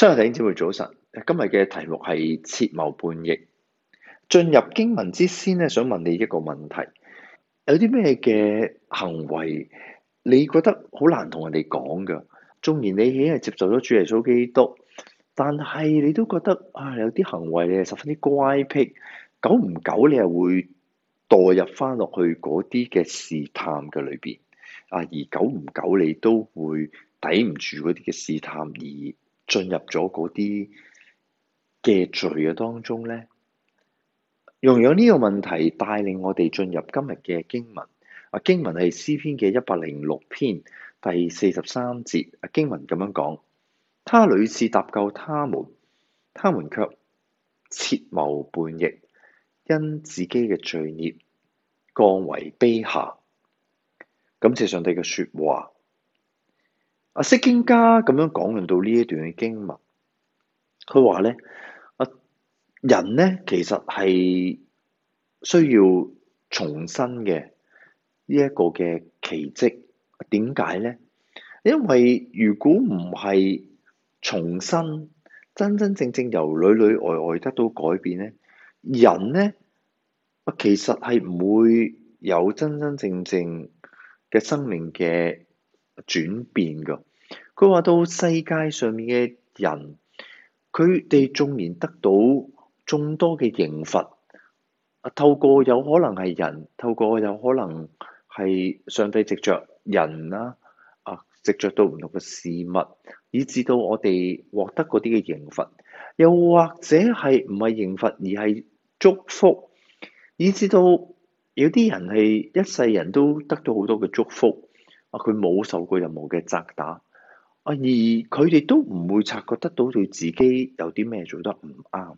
親愛的姊妹早晨，今日嘅題目係設謀背逆。進入經文之先咧，想問你一個問題：有啲咩嘅行為你覺得好難同人哋講㗎？縱然你已經係接受咗主耶穌基督，但係你都覺得啊，有啲行為你係十分之乖僻，久唔久你又會墮入翻落去嗰啲嘅試探嘅裏邊啊，而久唔久你都會抵唔住嗰啲嘅試探而已。進入咗嗰啲嘅罪嘅當中咧，用咗呢個問題帶領我哋進入今日嘅經文。啊，經文係詩篇嘅一百零六篇第四十三節。啊，經文咁樣講，他屢次搭救他們，他們卻設謀背逆，因自己嘅罪孽降為卑下。感謝上帝嘅說話。阿釋經家咁樣講，論到呢一段嘅經文，佢話咧，阿人咧其實係需要重生嘅呢一個嘅奇蹟。點解咧？因為如果唔係重生，真真正正由裏裏外外得到改變咧，人咧，其實係唔會有真真正正嘅生命嘅。轉變噶，佢話到世界上面嘅人，佢哋縱然得到眾多嘅刑罰，啊，透過有可能係人，透過有可能係上帝藉著人啦，啊，藉著到唔同嘅事物，以至到我哋獲得嗰啲嘅刑罰，又或者係唔係刑罰而係祝福，以至到有啲人係一世人都得到好多嘅祝福。啊！佢冇受過任何嘅責打，啊，而佢哋都唔會察覺得到對自己有啲咩做得唔啱。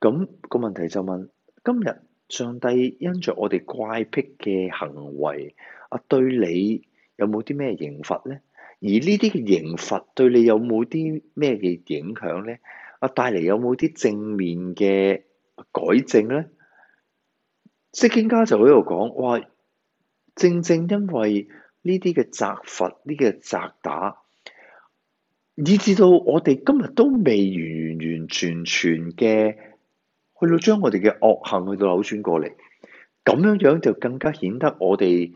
咁、那個問題就問：今日上帝因着我哋怪癖嘅行為，啊，對你有冇啲咩刑罰咧？而呢啲嘅刑罰對你有冇啲咩嘅影響咧？啊，帶嚟有冇啲正面嘅改正咧？職經家就喺度講：哇！正正因為呢啲嘅責罰，呢啲嘅責打，以至到我哋今日都未完完全全嘅，去到將我哋嘅惡行去到扭轉過嚟，咁樣樣就更加顯得我哋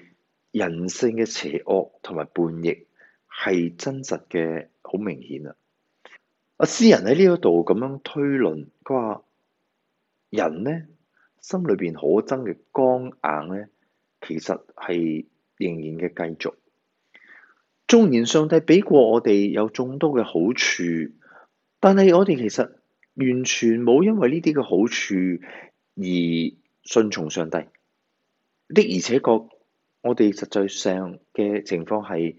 人性嘅邪惡同埋叛逆係真實嘅，好明顯啦。阿詩人喺呢一度咁樣推論，佢話人咧心裏邊可憎嘅剛硬咧，其實係。仍然嘅繼續，縱然上帝俾過我哋有眾多嘅好處，但係我哋其實完全冇因為呢啲嘅好處而信從上帝的。而且個我哋實際上嘅情況係，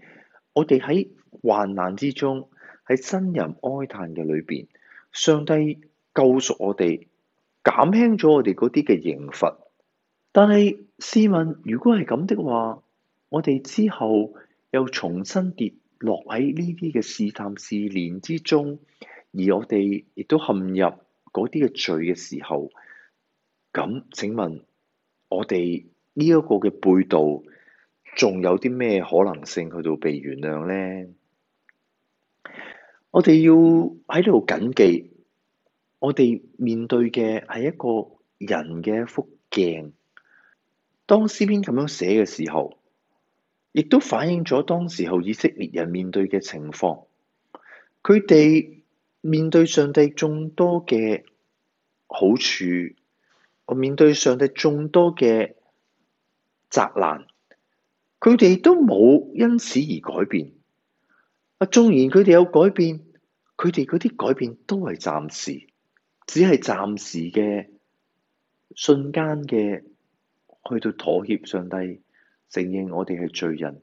我哋喺患難之中，喺呻吟哀嘆嘅裏邊，上帝救贖我哋，減輕咗我哋嗰啲嘅刑罰。但係試問，如果係咁的話，我哋之後又重新跌落喺呢啲嘅試探試煉之中，而我哋亦都陷入嗰啲嘅罪嘅時候，咁請問我哋呢一個嘅背道，仲有啲咩可能性去到被原諒咧？我哋要喺度謹記，我哋面對嘅係一個人嘅一幅鏡。當詩篇咁樣寫嘅時候，亦都反映咗當時候以色列人面對嘅情況，佢哋面對上帝眾多嘅好處，我面對上帝眾多嘅責難，佢哋都冇因此而改變。啊，縱然佢哋有改變，佢哋嗰啲改變都係暫時，只係暫時嘅，瞬間嘅，去到妥協上帝。承認我哋係罪人，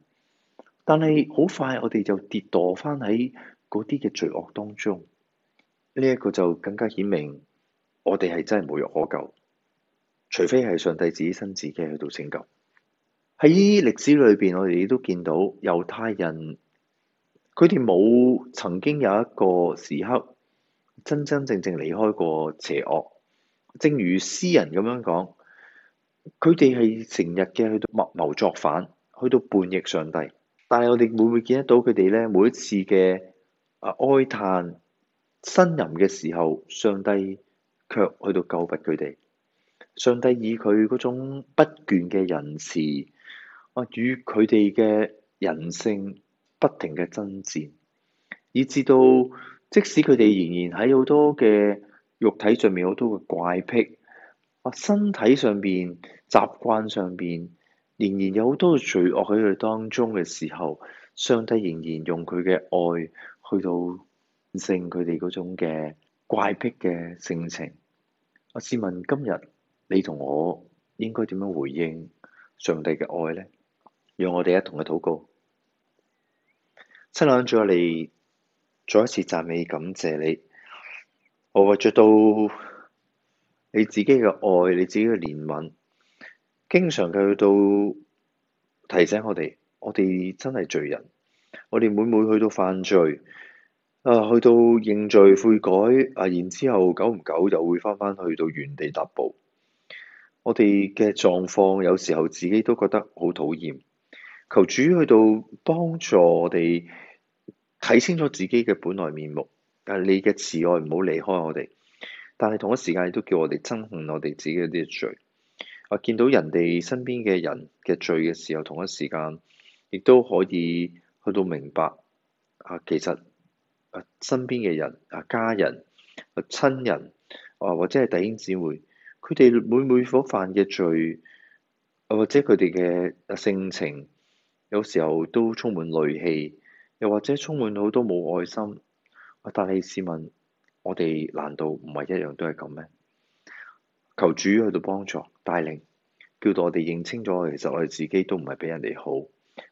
但係好快我哋就跌墮翻喺嗰啲嘅罪惡當中。呢一個就更加顯明，我哋係真係無藥可救，除非係上帝自己親自己去到拯救。喺呢啲歷史裏邊，我哋都見到猶太人，佢哋冇曾經有一個時刻真真正正離開過邪惡。正如詩人咁樣講。佢哋係成日嘅去到密謀作反，去到叛逆上帝。但係我哋會唔會見得到佢哋咧？每一次嘅啊哀嘆、呻吟嘅時候，上帝卻去到救拔佢哋。上帝以佢嗰種不倦嘅仁慈，啊與佢哋嘅人性不停嘅爭戰，以至到即使佢哋仍然喺好多嘅肉體上面，好多嘅怪癖。身體上邊、習慣上邊，仍然有好多罪惡喺佢哋當中嘅時候，上帝仍然用佢嘅愛去到勝佢哋嗰種嘅怪癖嘅性情。我試問今日你同我應該點樣回應上帝嘅愛呢？讓我哋一同去禱告。親愛嘅主啊，再一次讚美感謝你，我為着到。你自己嘅愛，你自己嘅憐憫，經常去到提醒我哋，我哋真係罪人，我哋每每去到犯罪啊，去到認罪悔改啊，然之後久唔久就會翻返去到原地踏步。我哋嘅狀況有時候自己都覺得好討厭，求主去到幫助我哋睇清楚自己嘅本來面目。但你嘅慈愛唔好離開我哋。但係同一時間，亦都叫我哋憎恨我哋自己嗰啲罪。我、啊、見到人哋身邊嘅人嘅罪嘅時候，同一時間亦都可以去到明白啊，其實啊身邊嘅人啊家人啊親人啊或者係弟兄姊妹，佢哋每每所犯嘅罪啊或者佢哋嘅性情，有時候都充滿戾氣，又或者充滿好多冇愛心。啊、但係試問。我哋難道唔係一樣都係咁咩？求主去到幫助帶領，叫到我哋認清咗，其實我哋自己都唔係比人哋好，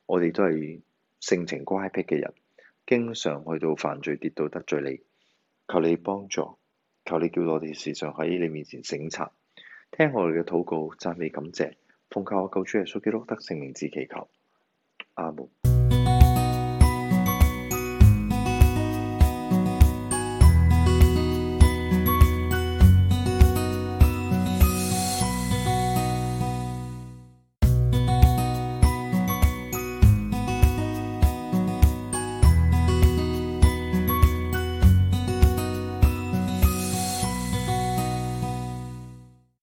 我哋都係性情乖僻嘅人，經常去到犯罪，跌到得罪你。求你幫助，求你叫到我哋時常喺你面前省察，聽我哋嘅禱告，讚美感謝，奉靠我救主耶穌基督得勝名字祈求，阿門。